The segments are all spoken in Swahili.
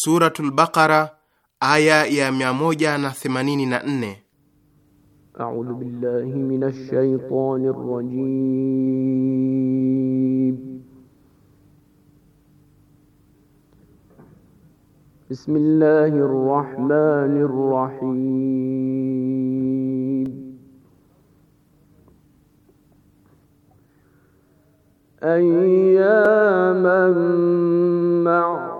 Suratul Baqara aya ya 184. A'udhu billahi minash shaitanir rajim. Bismillahir rahmanir rahim. أياما معروفة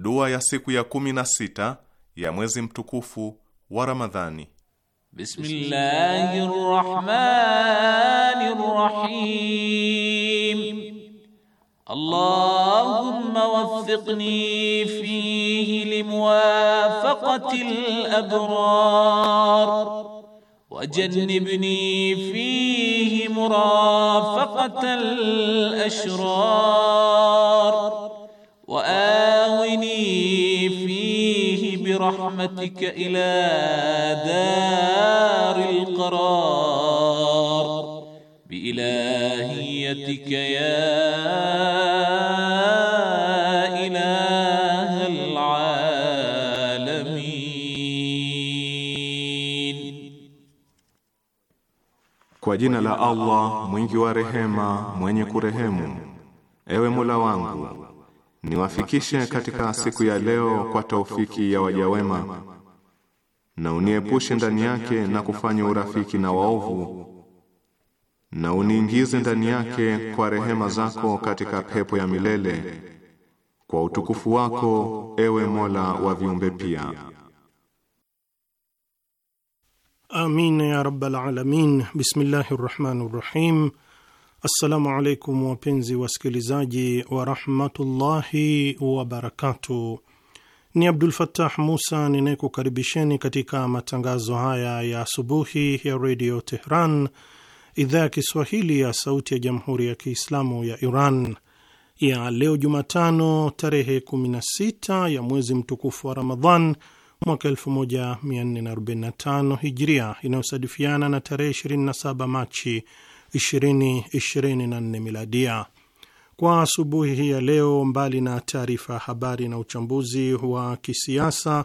Dua ya siku ya kumi na sita ya mwezi mtukufu wa Ramadhani. Bismillahirrahmanirrahim. Allahumma waffiqni fihi limuwafaqati al-abrar وجنبني فيه مرافقة ashrar. وآوني فيه برحمتك إلى دار القرار بإلهيتك يا إله العالمين Kwa jina la Allah mwingi wa rehema mwenye kurehemu, ewe Mola wangu niwafikishe katika siku ya leo kwa taufiki ya waja wema, na uniepushe ndani yake na kufanya urafiki na waovu, na uniingize ndani yake kwa rehema zako katika pepo ya milele, kwa utukufu wako, ewe Mola wa viumbe pia. Amin ya rabbal alamin. Bismillahir rahmanir rahim Assalamu alaikum wapenzi wasikilizaji warahmatullahi wabarakatuh. Ni Abdul Fattah Musa ninayekukaribisheni katika matangazo haya ya asubuhi ya redio Tehran, idhaa ya Kiswahili ya sauti ya jamhuri ya Kiislamu ya Iran ya leo Jumatano tarehe 16 ya mwezi mtukufu wa Ramadhan mwaka 1445 Hijria inayosadifiana na tarehe 27 Machi 2024 miladia. Kwa asubuhi hii ya leo, mbali na taarifa ya habari na uchambuzi wa kisiasa,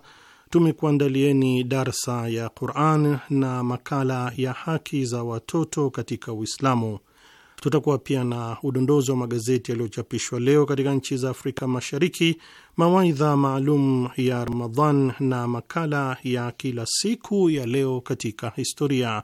tumekuandalieni darsa ya Quran na makala ya haki za watoto katika Uislamu. Tutakuwa pia na udondozi wa magazeti yaliyochapishwa leo katika nchi za Afrika Mashariki, mawaidha maalum ya Ramadhan na makala ya kila siku ya leo katika historia.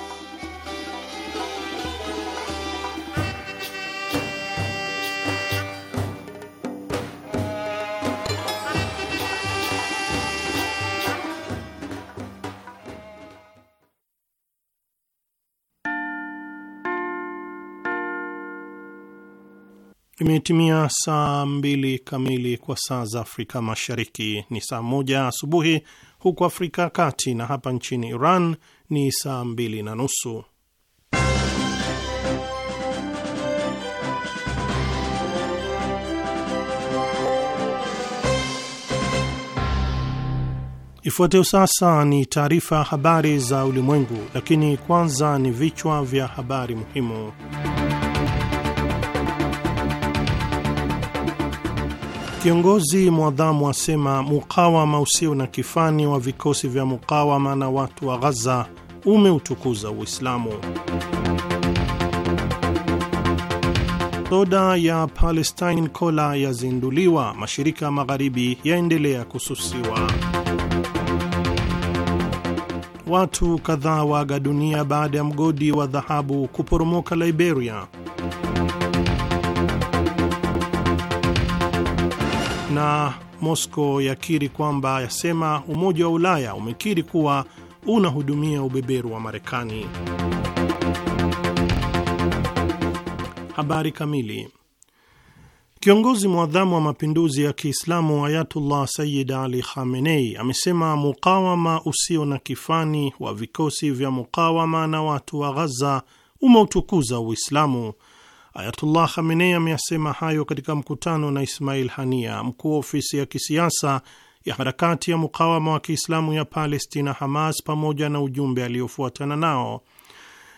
Imetimia saa mbili kamili kwa saa za Afrika Mashariki, ni saa moja asubuhi huku Afrika ya Kati, na hapa nchini Iran ni saa mbili na nusu. Ifuatayo sasa ni taarifa habari za ulimwengu, lakini kwanza ni vichwa vya habari muhimu. Kiongozi mwadhamu asema mukawama usio na kifani wa vikosi vya mukawama na watu wa Ghaza umeutukuza Uislamu. Soda ya Palestine Cola yazinduliwa, mashirika ya magharibi yaendelea kususiwa. Watu kadhaa waaga dunia baada ya mgodi wa dhahabu kuporomoka Liberia. na Moscow yakiri kwamba, yasema Umoja wa Ulaya umekiri kuwa unahudumia ubeberu wa Marekani. Habari kamili. Kiongozi mwadhamu wa mapinduzi ya Kiislamu Ayatullah Sayyid Ali Khamenei amesema mukawama usio na kifani wa vikosi vya mukawama na watu wa Ghaza umeutukuza Uislamu Ayatullah Khamenei ameyasema hayo katika mkutano na Ismail Hania, mkuu wa ofisi ya kisiasa ya harakati ya mukawama wa Kiislamu ya Palestina, Hamas, pamoja na ujumbe aliyofuatana nao.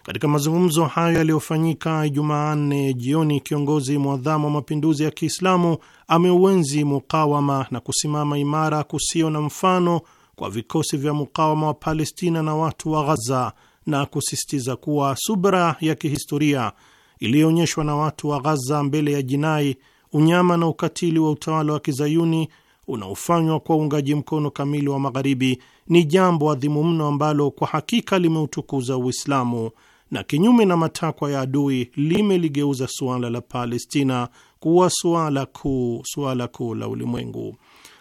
Katika mazungumzo hayo yaliyofanyika Jumanne jioni, kiongozi mwadhamu wa mapinduzi ya Kiislamu ameuenzi mukawama na kusimama imara kusio na mfano kwa vikosi vya mukawama wa Palestina na watu wa Ghaza na kusisitiza kuwa subra ya kihistoria iliyoonyeshwa na watu wa Ghaza mbele ya jinai, unyama na ukatili wa utawala wa kizayuni unaofanywa kwa uungaji mkono kamili wa Magharibi ni jambo adhimu mno ambalo kwa hakika limeutukuza Uislamu na kinyume na matakwa ya adui limeligeuza suala la Palestina kuwa suala kuu, suala kuu la ulimwengu.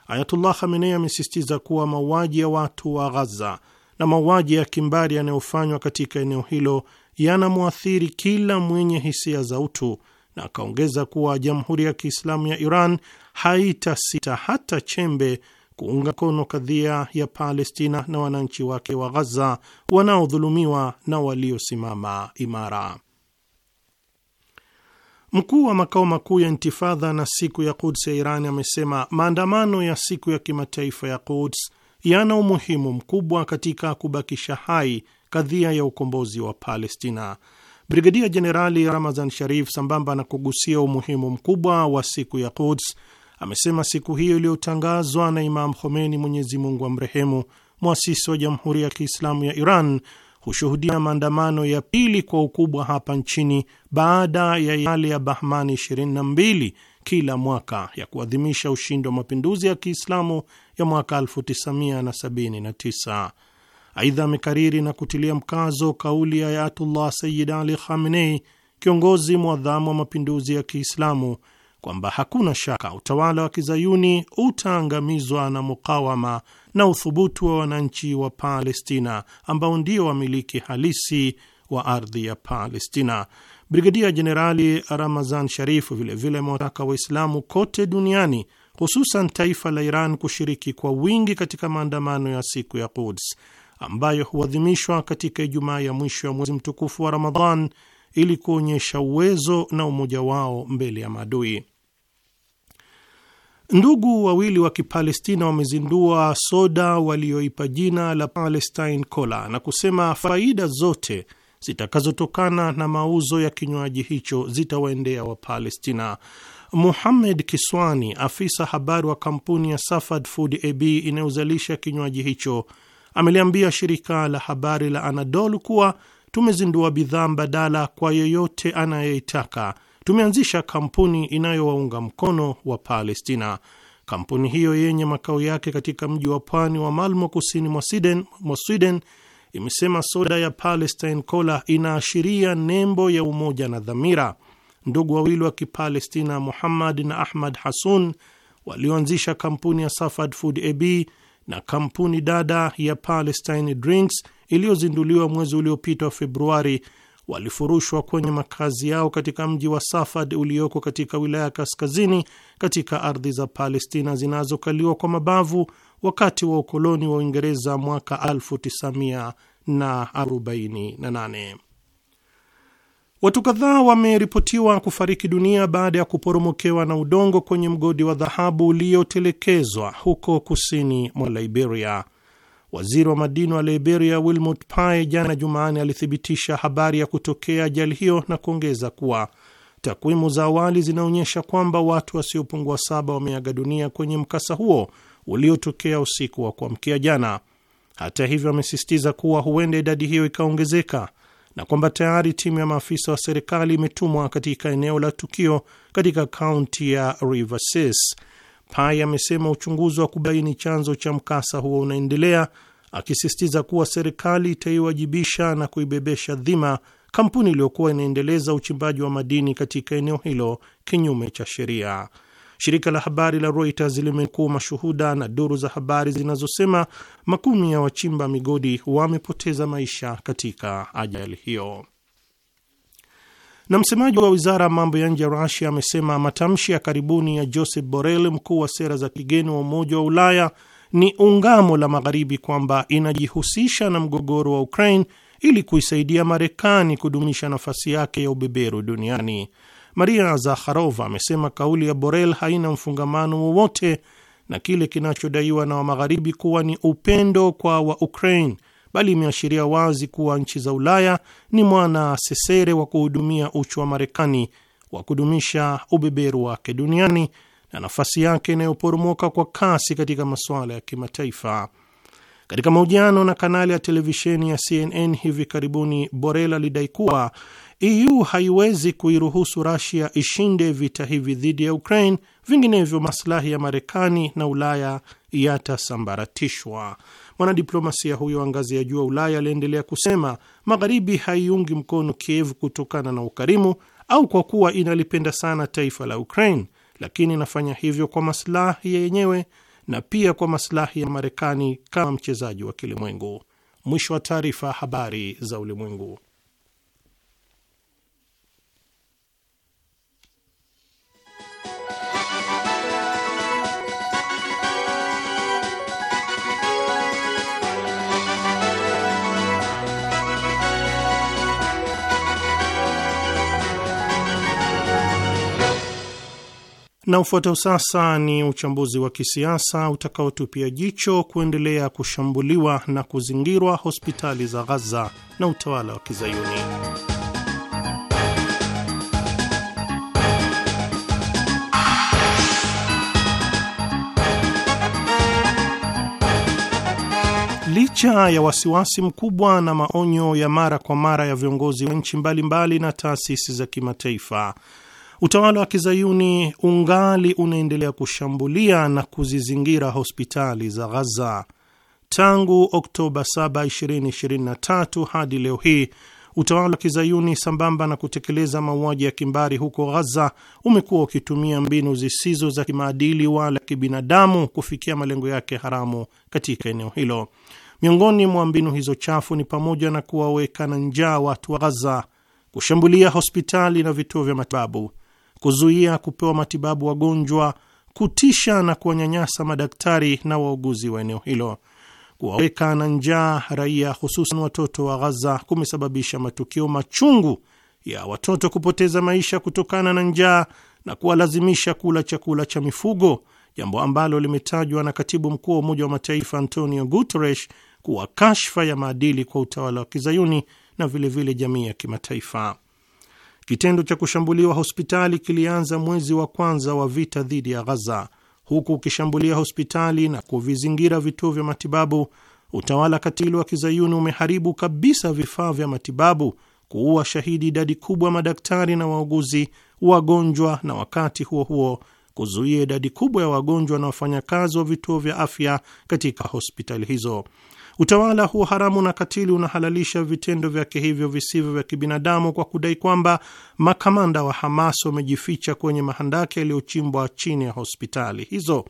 Ayatullah Khamenei amesisitiza kuwa mauaji ya watu wa Ghaza na mauaji ya kimbari yanayofanywa katika eneo hilo yanamwathiri kila mwenye hisia za utu, na akaongeza kuwa Jamhuri ya Kiislamu ya Iran haitasita hata chembe kuunga mkono kadhia ya Palestina na wananchi wake wa Ghaza wanaodhulumiwa na waliosimama imara. Mkuu wa makao makuu ya Intifadha na siku ya Quds ya Iran amesema maandamano ya siku ya kimataifa ya Quds yana umuhimu mkubwa katika kubakisha hai kadhia ya ukombozi wa Palestina. Brigadia Jenerali Ramazan Sharif, sambamba na kugusia umuhimu mkubwa wa siku ya Quds, amesema siku hiyo iliyotangazwa na Imam Khomeini, Mwenyezi Mungu amrehemu, mwasisi wa Jamhuri ya Kiislamu ya Iran, hushuhudia maandamano ya pili kwa ukubwa hapa nchini baada ya yale ya Bahmani 22 kila mwaka ya kuadhimisha ushindi wa mapinduzi ya Kiislamu ya mwaka 1979. Aidha, amekariri na kutilia mkazo kauli ya Ayatullah Sayyid Ali Khamenei, kiongozi mwadhamu wa mapinduzi ya Kiislamu, kwamba hakuna shaka utawala wa kizayuni utaangamizwa na mukawama na uthubutu wa wananchi wa Palestina ambao ndio wamiliki halisi wa ardhi ya Palestina. Brigadia Jenerali Ramazan Sharif vilevile amewataka Waislamu kote duniani hususan taifa la Iran kushiriki kwa wingi katika maandamano ya siku ya Quds ambayo huadhimishwa katika Ijumaa ya mwisho ya mwezi mtukufu wa Ramadhan ili kuonyesha uwezo na umoja wao mbele ya maadui. Ndugu wawili wa Kipalestina wamezindua soda walioipa jina la Palestine Cola na kusema faida zote zitakazotokana na mauzo ya kinywaji hicho zitawaendea Wapalestina. Muhamed Kiswani, afisa habari wa kampuni ya Safad Food AB inayozalisha kinywaji hicho ameliambia shirika la habari la Anadolu kuwa tumezindua bidhaa mbadala kwa yeyote anayeitaka. Tumeanzisha kampuni inayowaunga mkono wa Palestina. Kampuni hiyo yenye makao yake katika mji wa pwani wa Malmo, kusini mwa Sweden, mwa Sweden imesema soda ya Palestine Cola inaashiria nembo ya umoja na dhamira. Ndugu wawili wa Kipalestina, Muhammad na Ahmad Hasun, walioanzisha kampuni ya Safad Food AB na kampuni dada ya Palestine Drinks iliyozinduliwa mwezi uliopita wa Februari walifurushwa kwenye makazi yao katika mji wa Safad ulioko katika wilaya ya kaskazini katika ardhi za Palestina zinazokaliwa kwa mabavu wakati wa ukoloni wa Uingereza mwaka 1948. Watu kadhaa wameripotiwa kufariki dunia baada ya kuporomokewa na udongo kwenye mgodi wa dhahabu uliotelekezwa huko kusini mwa Liberia. Waziri wa madini wa Liberia Wilmot Pae jana Jumanne alithibitisha habari ya kutokea ajali hiyo na kuongeza kuwa takwimu za awali zinaonyesha kwamba watu wasiopungua saba wameaga dunia kwenye mkasa huo uliotokea usiku wa kuamkia jana. Hata hivyo, amesisitiza kuwa huenda idadi hiyo ikaongezeka na kwamba tayari timu ya maafisa wa serikali imetumwa katika eneo la tukio katika kaunti ya Riverses. Pai amesema uchunguzi wa kubaini chanzo cha mkasa huo unaendelea, akisisitiza kuwa serikali itaiwajibisha na kuibebesha dhima kampuni iliyokuwa inaendeleza uchimbaji wa madini katika eneo hilo kinyume cha sheria. Shirika la habari la Reuters limekuwa mashuhuda na duru za habari zinazosema makumi ya wachimba migodi wamepoteza maisha katika ajali hiyo. Na msemaji wa wizara ya mambo ya nje ya Rusia amesema matamshi ya karibuni ya Joseph Borrell, mkuu wa sera za kigeni wa Umoja wa Ulaya, ni ungamo la Magharibi kwamba inajihusisha na mgogoro wa Ukraine ili kuisaidia Marekani kudumisha nafasi yake ya ubeberu duniani. Maria Zakharova amesema kauli ya Borel haina mfungamano wowote na kile kinachodaiwa na Wamagharibi kuwa ni upendo kwa wa Ukraine, bali imeashiria wazi kuwa nchi za Ulaya ni mwana sesere wa kuhudumia uchu wa Marekani wa kudumisha ubeberu wake duniani na nafasi yake inayoporomoka kwa kasi katika masuala ya kimataifa. Katika mahojiano na kanali ya televisheni ya CNN hivi karibuni, Borel alidai kuwa EU haiwezi kuiruhusu Russia ishinde vita hivi dhidi ya Ukraine, vinginevyo maslahi ya Marekani na Ulaya yatasambaratishwa. Mwanadiplomasia huyo wa ngazi ya juu wa Ulaya aliendelea kusema, Magharibi haiungi mkono Kiev kutokana na ukarimu au kwa kuwa inalipenda sana taifa la Ukraine, lakini inafanya hivyo kwa maslahi yenyewe na pia kwa maslahi ya Marekani kama mchezaji wa kilimwengu. Mwisho wa taarifa. Habari za Ulimwengu. Na ufuatao sasa ni uchambuzi wa kisiasa utakaotupia jicho kuendelea kushambuliwa na kuzingirwa hospitali za Ghaza na utawala wa Kizayuni. Licha ya wasiwasi mkubwa na maonyo ya mara kwa mara ya viongozi wa nchi mbalimbali na taasisi za kimataifa Utawala wa kizayuni ungali unaendelea kushambulia na kuzizingira hospitali za Ghaza. Tangu Oktoba 7, 2023 hadi leo hii utawala wa kizayuni sambamba na kutekeleza mauaji ya kimbari huko Ghaza umekuwa ukitumia mbinu zisizo za kimaadili wala kibinadamu kufikia malengo yake haramu katika eneo hilo. Miongoni mwa mbinu hizo chafu ni pamoja na kuwaweka na njaa watu wa Ghaza, kushambulia hospitali na vituo vya matibabu, kuzuia kupewa matibabu wagonjwa, kutisha na kuwanyanyasa madaktari na wauguzi wa eneo hilo, kuwaweka na njaa raia, hususan watoto wa Ghaza kumesababisha matukio machungu ya watoto kupoteza maisha kutokana na njaa na kuwalazimisha kula chakula cha mifugo, jambo ambalo limetajwa na katibu mkuu wa Umoja wa Mataifa Antonio Guterres kuwa kashfa ya maadili kwa utawala wa kizayuni na vilevile jamii ya kimataifa. Kitendo cha kushambuliwa hospitali kilianza mwezi wa kwanza wa vita dhidi ya Ghaza, huku ukishambulia hospitali na kuvizingira vituo vya matibabu. Utawala katili wa kizayuni umeharibu kabisa vifaa vya matibabu, kuua shahidi idadi kubwa madaktari na wauguzi, wagonjwa, na wakati huo huo kuzuia idadi kubwa ya wagonjwa na wafanyakazi wa vituo vya afya katika hospitali hizo. Utawala huo haramu na katili unahalalisha vitendo vyake hivyo visivyo vya kibinadamu kwa kudai kwamba makamanda wa Hamas wamejificha kwenye mahandaki yaliyochimbwa chini ya hospitali hizo.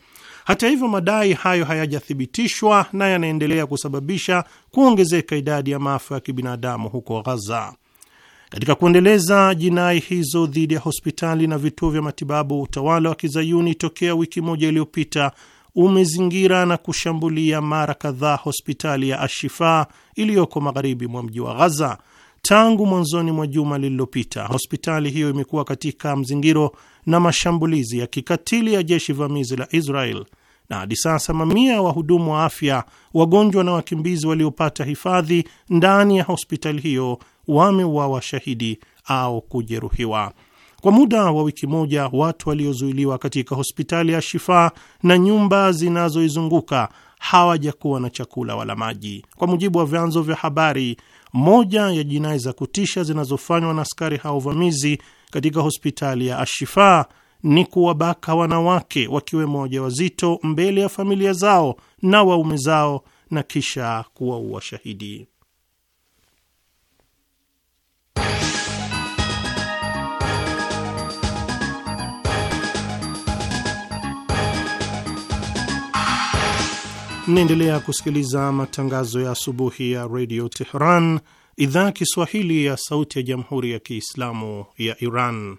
Hata hivyo, madai hayo hayajathibitishwa na yanaendelea kusababisha kuongezeka idadi ya maafa ya kibinadamu huko Ghaza. Katika kuendeleza jinai hizo dhidi ya hospitali na vituo vya matibabu, utawala wa kizayuni tokea wiki moja iliyopita umezingira na kushambulia mara kadhaa hospitali ya Ashifa iliyoko magharibi mwa mji wa Ghaza. Tangu mwanzoni mwa juma lililopita, hospitali hiyo imekuwa katika mzingiro na mashambulizi ya kikatili ya jeshi vamizi la Israel, na hadi sasa mamia ya wahudumu wa afya, wagonjwa na wakimbizi waliopata hifadhi ndani ya hospitali hiyo wameuawa shahidi au kujeruhiwa. Kwa muda wa wiki moja, watu waliozuiliwa katika hospitali ya Shifaa na nyumba zinazoizunguka hawajakuwa na chakula wala maji. Kwa mujibu wa vyanzo vya habari, moja ya jinai za kutisha zinazofanywa na askari hao vamizi katika hospitali ya Ashifaa ni kuwabaka wanawake wakiwemo wajawazito mbele ya familia zao na waume zao na kisha kuwaua shahidi. Mnaendelea kusikiliza matangazo ya asubuhi ya redio Teheran, idhaa Kiswahili ya sauti ya jamhuri ya Kiislamu ya Iran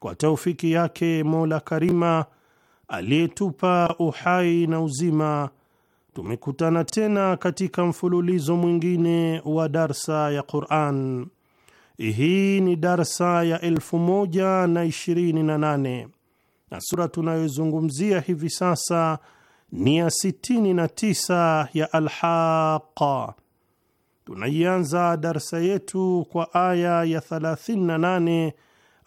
kwa taufiki yake Mola Karima aliyetupa uhai na uzima, tumekutana tena katika mfululizo mwingine wa darsa ya Quran. Hii ni darsa ya elfu moja na ishirini na nane na sura tunayozungumzia hivi sasa ni ya sitini na tisa ya Alhaqa. Tunaianza darsa yetu kwa aya ya 38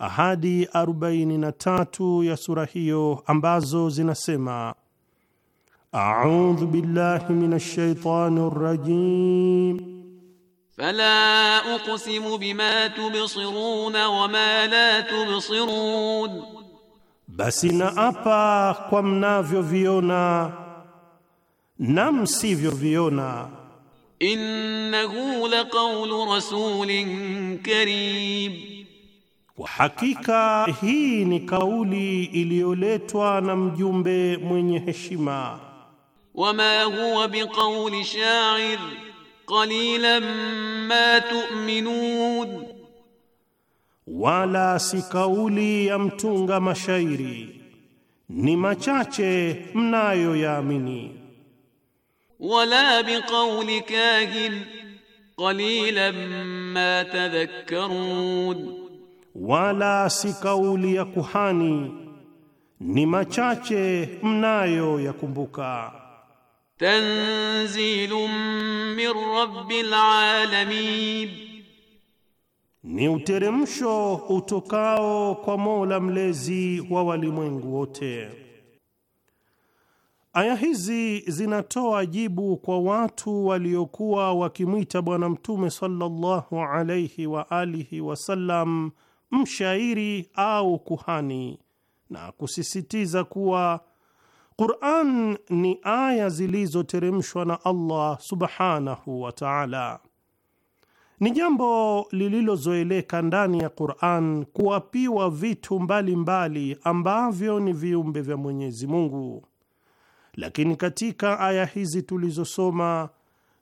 ahadi 43 ya sura hiyo ambazo zinasema: audhu billahi minash shaitani rrajim fala uqsimu bima tubsiruna wama la tubsirun, basi naapa kwa mnavyoviona na msivyoviona. Innahu laqawlu rasulin karim kwa hakika hii ni kauli iliyoletwa na mjumbe mwenye heshima. Wama huwa biqauli sha'ir qalilan ma tu'minun, wala si kauli ya mtunga mashairi, ni machache mnayoyaamini. Wala biqauli kahin qalilan ma tadhakkarun wala si kauli ya kuhani, ni machache mnayo yakumbuka. Tanzilum min rabbil alamin, ni uteremsho utokao kwa Mola mlezi wa walimwengu wote. Aya hizi zinatoa jibu kwa watu waliokuwa wakimwita Bwana Mtume sallallahu alayhi wa alihi wasallam mshairi au kuhani, na kusisitiza kuwa Qur'an ni aya zilizoteremshwa na Allah subhanahu wa ta'ala. Ni jambo lililozoeleka ndani ya Qur'an kuapiwa vitu mbalimbali mbali ambavyo ni viumbe vya Mwenyezi Mungu, lakini katika aya hizi tulizosoma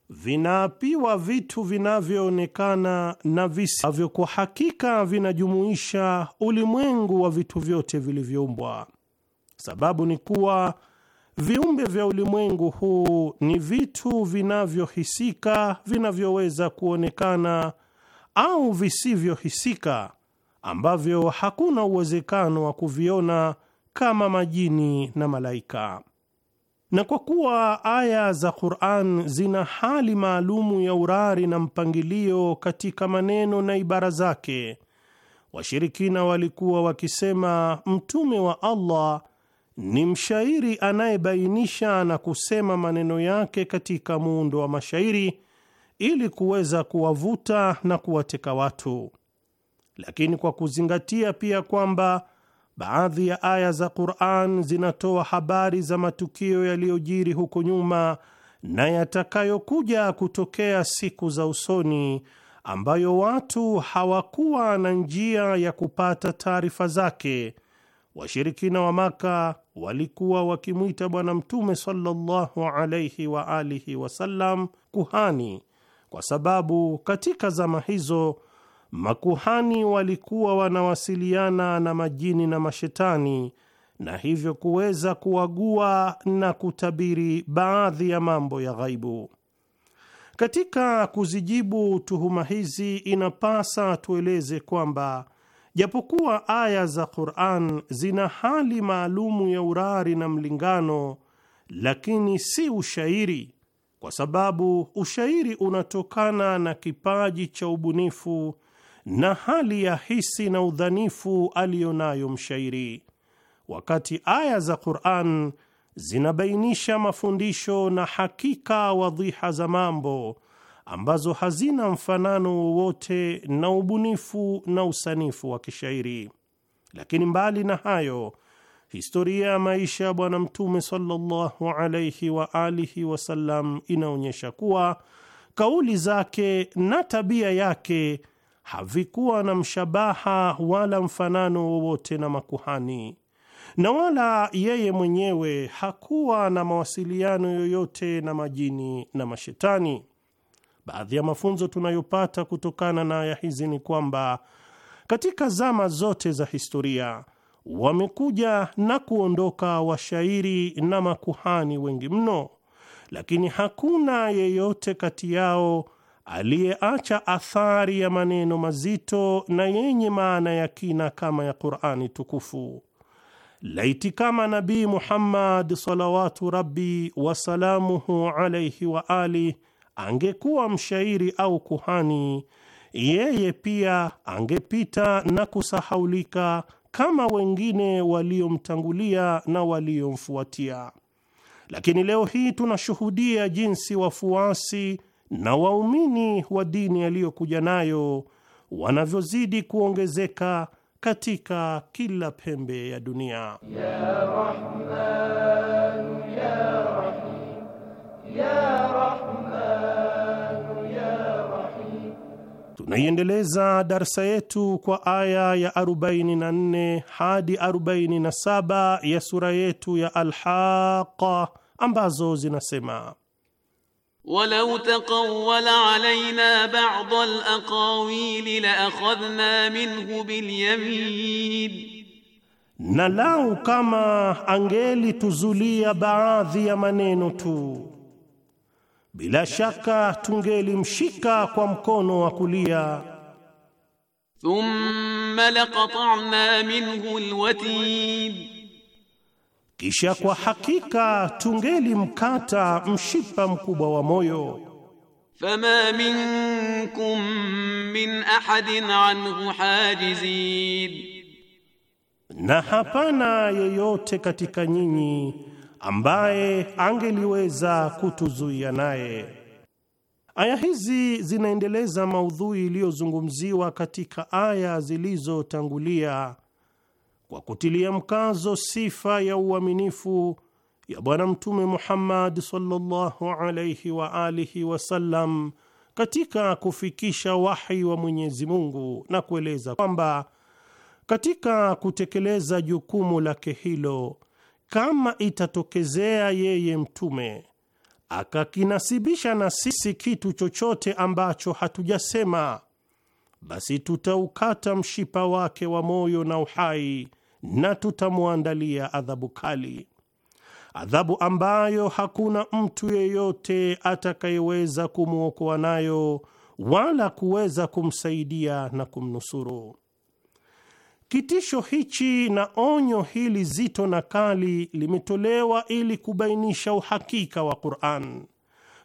vinaapiwa vitu vinavyoonekana na visivyo kwa hakika vinajumuisha ulimwengu wa vitu vyote vilivyoumbwa. Sababu ni kuwa viumbe vya ulimwengu huu ni vitu vinavyohisika, vinavyoweza kuonekana au visivyohisika, ambavyo hakuna uwezekano wa kuviona kama majini na malaika. Na kwa kuwa aya za Qur'an zina hali maalumu ya urari na mpangilio katika maneno na ibara zake, washirikina walikuwa wakisema mtume wa Allah ni mshairi anayebainisha na kusema maneno yake katika muundo wa mashairi ili kuweza kuwavuta na kuwateka watu, lakini kwa kuzingatia pia kwamba Baadhi ya aya za Qur'an zinatoa habari za matukio yaliyojiri huko nyuma na yatakayokuja kutokea siku za usoni ambayo watu hawakuwa na njia ya kupata taarifa zake. Washirikina wa Maka walikuwa wakimwita Bwana Mtume sallallahu alayhi wa alihi wasallam kuhani, kwa sababu katika zama hizo makuhani walikuwa wanawasiliana na majini na mashetani na hivyo kuweza kuagua na kutabiri baadhi ya mambo ya ghaibu. Katika kuzijibu tuhuma hizi, inapasa tueleze kwamba japokuwa aya za Qur'an zina hali maalumu ya urari na mlingano, lakini si ushairi, kwa sababu ushairi unatokana na kipaji cha ubunifu na hali ya hisi na udhanifu aliyonayo mshairi, wakati aya za Qur'an zinabainisha mafundisho na hakika wadhiha za mambo ambazo hazina mfanano wowote na ubunifu na usanifu wa kishairi. Lakini mbali na hayo, historia ya maisha ya Bwana Mtume sallallahu wa alihi wasallam inaonyesha kuwa kauli zake na tabia yake havikuwa na mshabaha wala mfanano wowote na makuhani, na wala yeye mwenyewe hakuwa na mawasiliano yoyote na majini na mashetani. Baadhi ya mafunzo tunayopata kutokana na aya hizi ni kwamba katika zama zote za historia wamekuja na kuondoka washairi na makuhani wengi mno, lakini hakuna yeyote kati yao aliyeacha athari ya maneno mazito na yenye maana ya kina kama ya Qur'ani tukufu. Laiti kama Nabii Muhammad salawatu rabbi wasalamuhu alaihi wa ali angekuwa mshairi au kuhani, yeye pia angepita na kusahaulika kama wengine waliomtangulia na waliomfuatia. Lakini leo hii tunashuhudia jinsi wafuasi na waumini wa dini aliyokuja nayo wanavyozidi kuongezeka katika kila pembe ya dunia ya Rahman, ya Rahim, ya Rahman, ya Rahim. Tunaiendeleza darsa yetu kwa aya ya 44 hadi 47 ya sura yetu ya Alhaqa ambazo zinasema Walau taqawwala alayna ba'd al-aqawil la akhadhna minhu bil yamin, na lau kama angelituzulia baadhi ya maneno tu, bila shaka tungelimshika kwa mkono wa kulia. Thumma laqata'na minhu al-watid kisha kwa hakika tungelimkata mshipa mkubwa wa moyo. Fama minkum min ahadin anhu hajizin, na hapana yeyote katika nyinyi ambaye angeliweza kutuzuia naye. Aya hizi zinaendeleza maudhui iliyozungumziwa katika aya zilizotangulia kwa kutilia mkazo sifa ya uaminifu ya Bwana Mtume Muhammad sallallahu alayhi wa alihi wasallam katika kufikisha wahi wa Mwenyezi Mungu na kueleza kwamba katika kutekeleza jukumu lake hilo, kama itatokezea yeye mtume akakinasibisha na sisi kitu chochote ambacho hatujasema, basi tutaukata mshipa wake wa moyo na uhai na tutamwandalia adhabu kali, adhabu ambayo hakuna mtu yeyote atakayeweza kumwokoa nayo wala kuweza kumsaidia na kumnusuru. Kitisho hichi na onyo hili zito na kali limetolewa ili kubainisha uhakika wa Qur'an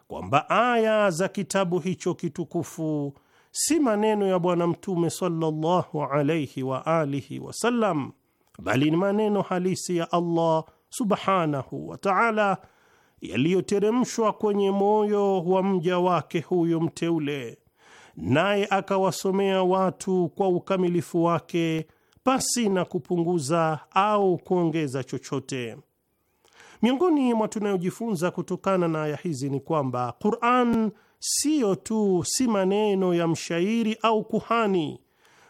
kwamba aya za kitabu hicho kitukufu si maneno ya Bwana Mtume sallallahu alayhi wa alihi wasallam bali ni maneno halisi ya Allah subhanahu wa taala yaliyoteremshwa kwenye moyo wa mja wake huyo mteule, naye akawasomea watu kwa ukamilifu wake pasi na kupunguza au kuongeza chochote. Miongoni mwa tunayojifunza kutokana na aya hizi ni kwamba Quran siyo tu si maneno ya mshairi au kuhani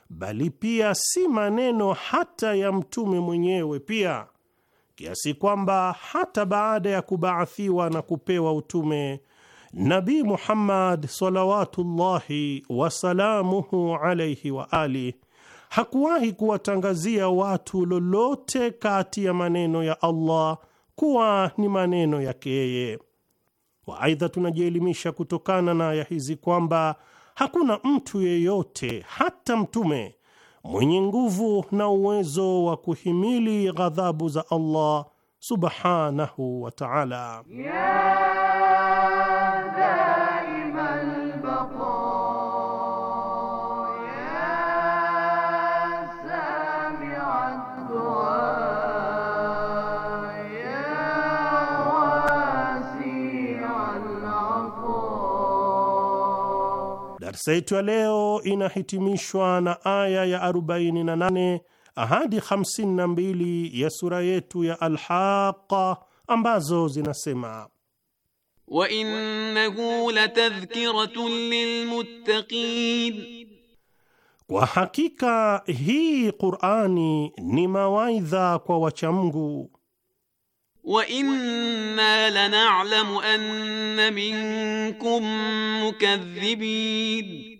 bali pia si maneno hata ya mtume mwenyewe pia, kiasi kwamba hata baada ya kubaathiwa na kupewa utume Nabi Muhammad salawatullahi wasalamuhu alaihi wa ali hakuwahi kuwatangazia watu lolote kati ya maneno ya Allah kuwa ni maneno yake yeye. Waaidha, tunajielimisha kutokana na aya hizi kwamba hakuna mtu yeyote, hata mtume mwenye nguvu na uwezo wa kuhimili ghadhabu za Allah subhanahu wa ta'ala, yeah. Darsa yetu ya leo inahitimishwa na aya ya 48 hadi 52 ya sura yetu ya Alhaqa ambazo zinasema wa innahu latadhkiratun lilmuttaqin, kwa hakika hii Qur'ani ni mawaidha kwa wachamgu wa inna lanalamu anna minkum mukadhibin,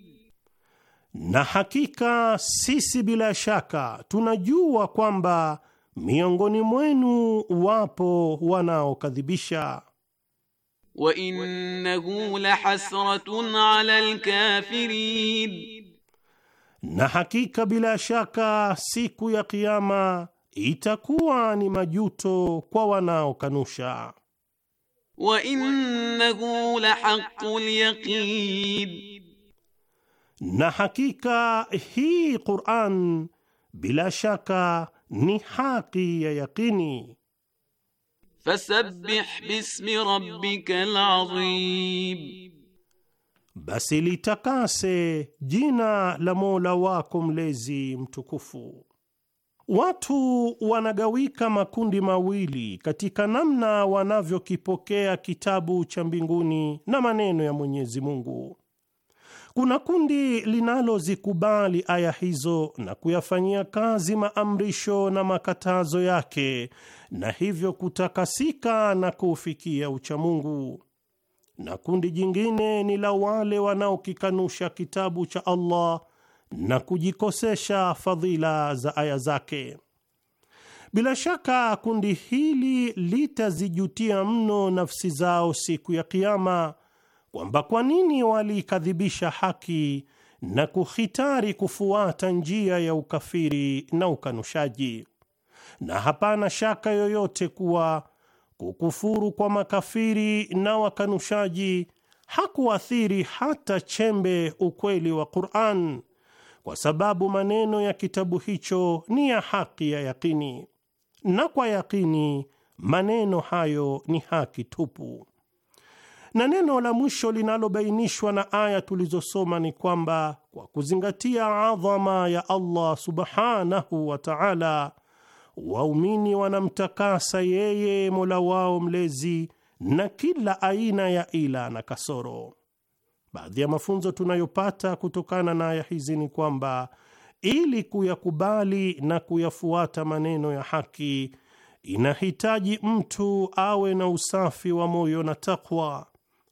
na hakika sisi bila shaka tunajua kwamba miongoni mwenu wapo wanaokadhibisha. wa innahu lahasratun ala alkafirin, na hakika bila shaka siku ya Kiyama itakuwa ni majuto kwa wanaokanusha. Wa innahu lahaqqul yaqin, na hakika hii Qur'an bila shaka ni haki ya yaqini. Fasabbih bismi rabbikal azim, basi litakase jina la Mola wako mlezi mtukufu. Watu wanagawika makundi mawili katika namna wanavyokipokea kitabu cha mbinguni na maneno ya Mwenyezi Mungu. Kuna kundi linalozikubali aya hizo na kuyafanyia kazi maamrisho na makatazo yake, na hivyo kutakasika na kuufikia uchamungu, na kundi jingine ni la wale wanaokikanusha kitabu cha Allah na kujikosesha fadhila za aya zake. Bila shaka kundi hili litazijutia mno nafsi zao siku ya Kiama kwamba kwa nini waliikadhibisha haki na kuhitari kufuata njia ya ukafiri na ukanushaji. Na hapana shaka yoyote kuwa kukufuru kwa makafiri na wakanushaji hakuathiri hata chembe ukweli wa Qur'an kwa sababu maneno ya kitabu hicho ni ya haki ya yakini, na kwa yakini maneno hayo ni haki tupu. Na neno la mwisho linalobainishwa na aya tulizosoma ni kwamba kwa kuzingatia adhama ya Allah subhanahu wa ta'ala, waumini wanamtakasa yeye Mola wao mlezi na kila aina ya ila na kasoro. Baadhi ya mafunzo tunayopata kutokana na aya hizi ni kwamba ili kuyakubali na kuyafuata maneno ya haki inahitaji mtu awe na usafi wa moyo na takwa.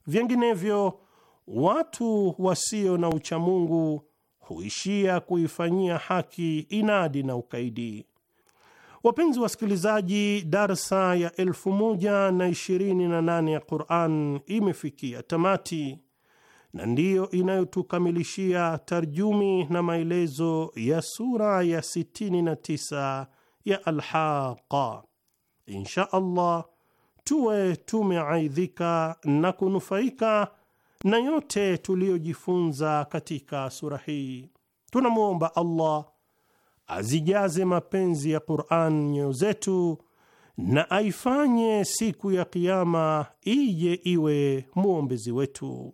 Vinginevyo watu wasio na uchamungu huishia kuifanyia haki inadi na ukaidi. Wapenzi wasikilizaji, darsa ya elfu na na ya Quran imefikia tamati na ndiyo inayotukamilishia tarjumi na maelezo ya sura ya 69 ya Alhaqa. Insha Allah tuwe tumeaidhika na kunufaika na yote tuliyojifunza katika sura hii. Tunamwomba Allah azijaze mapenzi ya Qur'an nyoyo zetu na aifanye siku ya Kiyama ije iwe mwombezi wetu.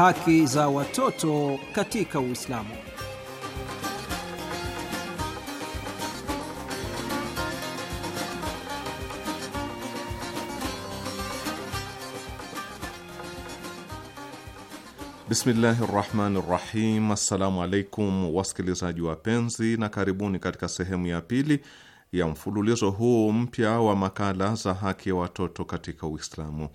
haki za watoto katika Uislamu. Bismillahi rahmani rahim. Assalamu alaikum wasikilizaji wapenzi, na karibuni katika sehemu ya pili ya mfululizo huu mpya wa makala za haki ya watoto katika Uislamu.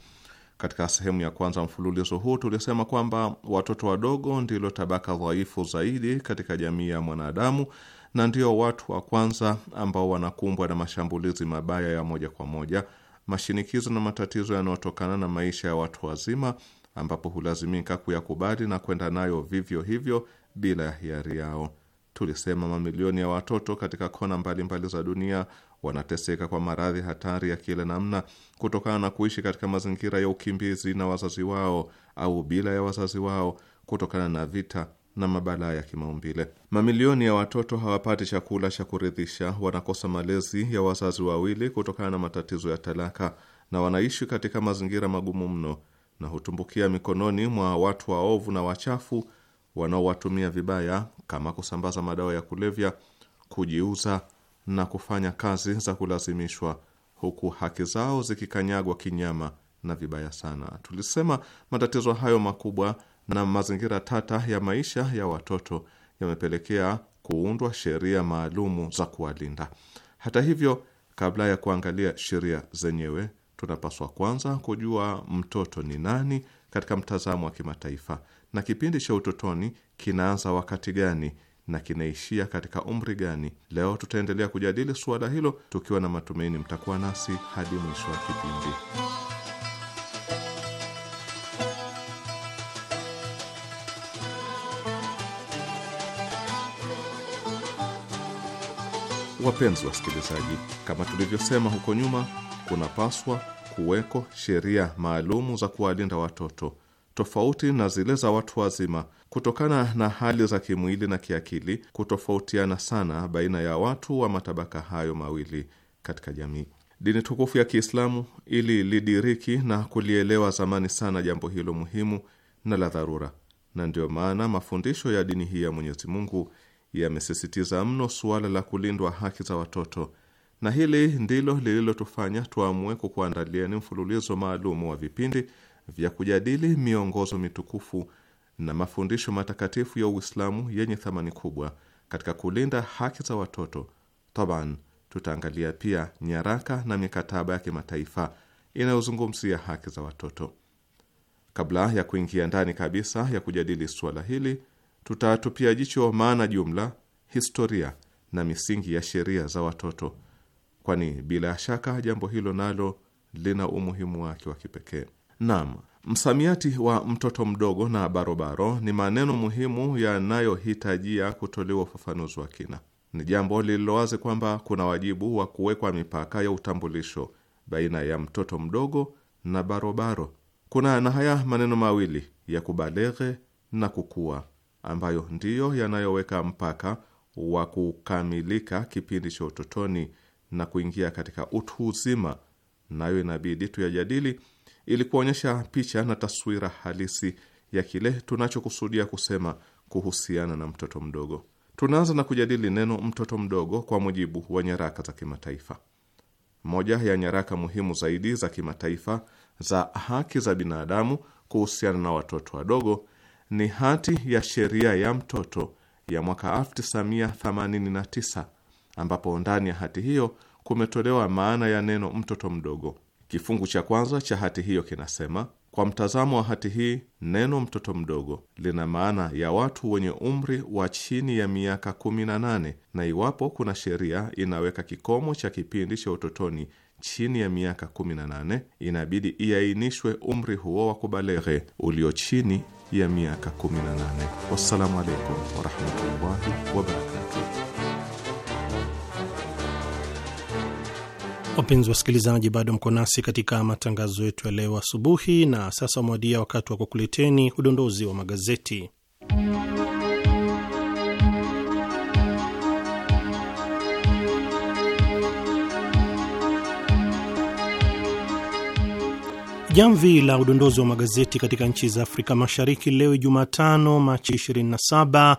Katika sehemu ya kwanza mfululizo huu tulisema kwamba watoto wadogo ndilo tabaka dhaifu zaidi katika jamii ya mwanadamu na ndio watu wa kwanza ambao wanakumbwa na mashambulizi mabaya ya moja kwa moja, mashinikizo na matatizo yanayotokana na maisha ya watu wazima, ambapo hulazimika kuyakubali na kwenda nayo vivyo hivyo bila ya hiari yao. Tulisema mamilioni ya watoto katika kona mbalimbali mbali za dunia wanateseka kwa maradhi hatari ya kila namna kutokana na kuishi katika mazingira ya ukimbizi na wazazi wao au bila ya wazazi wao kutokana na vita na mabalaa ya kimaumbile. Mamilioni ya watoto hawapati chakula cha kuridhisha, wanakosa malezi ya wazazi wawili kutokana na matatizo ya talaka, na wanaishi katika mazingira magumu mno na hutumbukia mikononi mwa watu waovu na wachafu wanaowatumia vibaya, kama kusambaza madawa ya kulevya, kujiuza na kufanya kazi za kulazimishwa huku haki zao zikikanyagwa kinyama na vibaya sana. Tulisema matatizo hayo makubwa na mazingira tata ya maisha ya watoto yamepelekea kuundwa sheria maalumu za kuwalinda. Hata hivyo, kabla ya kuangalia sheria zenyewe, tunapaswa kwanza kujua mtoto ni nani katika mtazamo wa kimataifa, na kipindi cha utotoni kinaanza wakati gani na kinaishia katika umri gani? Leo tutaendelea kujadili suala hilo tukiwa na matumaini mtakuwa nasi hadi mwisho wa kipindi. Wapenzi wasikilizaji, kama tulivyosema huko nyuma, kunapaswa kuweko sheria maalumu za kuwalinda watoto tofauti na zile za watu wazima Kutokana na hali za kimwili na kiakili kutofautiana sana baina ya watu wa matabaka hayo mawili katika jamii. Dini tukufu ya Kiislamu ili lidiriki na kulielewa zamani sana jambo hilo muhimu na la dharura, na ndiyo maana mafundisho ya dini hii ya Mwenyezi Mungu yamesisitiza mno suala la kulindwa haki za watoto, na hili ndilo lililotufanya tuamue kukuandalieni mfululizo maalum wa vipindi vya kujadili miongozo mitukufu na mafundisho matakatifu ya Uislamu yenye thamani kubwa katika kulinda haki za watoto. Taban, tutaangalia pia nyaraka na mikataba ya kimataifa inayozungumzia haki za watoto. Kabla ya kuingia ndani kabisa ya kujadili suala hili, tutatupia jicho maana jumla, historia na misingi ya sheria za watoto, kwani bila shaka jambo hilo nalo lina umuhimu wake wa kipekee. Naam. Msamiati wa mtoto mdogo na barobaro ni maneno muhimu yanayohitajia kutolewa ufafanuzi wa kina. Ni jambo lililowazi kwamba kuna wajibu wa kuwekwa mipaka ya utambulisho baina ya mtoto mdogo na barobaro. Kuna na haya maneno mawili ya kubaleghe na kukua, ambayo ndiyo yanayoweka mpaka wa kukamilika kipindi cha utotoni na kuingia katika utu uzima, nayo inabidi tuyajadili ili kuonyesha picha na taswira halisi ya kile tunachokusudia kusema kuhusiana na mtoto mdogo. Tunaanza na kujadili neno mtoto mdogo kwa mujibu wa nyaraka za kimataifa. Moja ya nyaraka muhimu zaidi za kimataifa za haki za binadamu kuhusiana na watoto wadogo ni hati ya sheria ya mtoto ya mwaka 1989 ambapo ndani ya hati hiyo kumetolewa maana ya neno mtoto mdogo Kifungu cha kwanza cha hati hiyo kinasema: kwa mtazamo wa hati hii, neno mtoto mdogo lina maana ya watu wenye umri wa chini ya miaka kumi na nane na iwapo kuna sheria inaweka kikomo cha kipindi cha utotoni chini ya miaka kumi na nane inabidi iainishwe umri huo wa kubalehe ulio chini ya miaka kumi na nane. Wassalamu alaikum warahmatullahi wabarakatuh. Wapenzi wasikilizaji, bado mko nasi katika matangazo yetu ya leo asubuhi, na sasa umewadia wakati wa kukuleteni udondozi wa magazeti. Jamvi la udondozi wa magazeti katika nchi za Afrika Mashariki leo Jumatano, Machi 27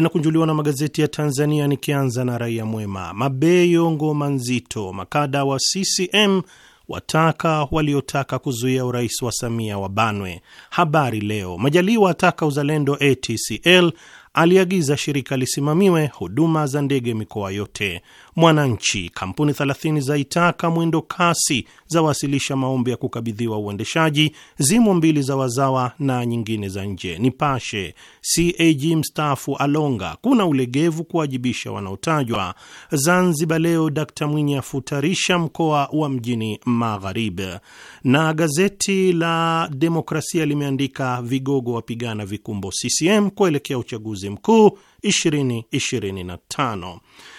linakunjuliwa na magazeti ya Tanzania, nikianza na Raia Mwema. Mabeyo ngoma nzito, makada wa CCM wataka waliotaka kuzuia urais wa Samia wabanwe. Habari Leo, Majaliwa ataka uzalendo ATCL, aliagiza shirika lisimamiwe huduma za ndege mikoa yote. Mwananchi, kampuni 30 za itaka mwendo kasi zawasilisha maombi ya kukabidhiwa uendeshaji, zimo mbili za wazawa na nyingine za nje. Nipashe, CAG mstaafu Alonga, kuna ulegevu kuwajibisha wanaotajwa. Zanzibar Leo, Dkt Mwinyi afutarisha mkoa wa mjini Magharibi. Na gazeti la Demokrasia limeandika vigogo wapigana vikumbo CCM kuelekea uchaguzi mkuu 2025.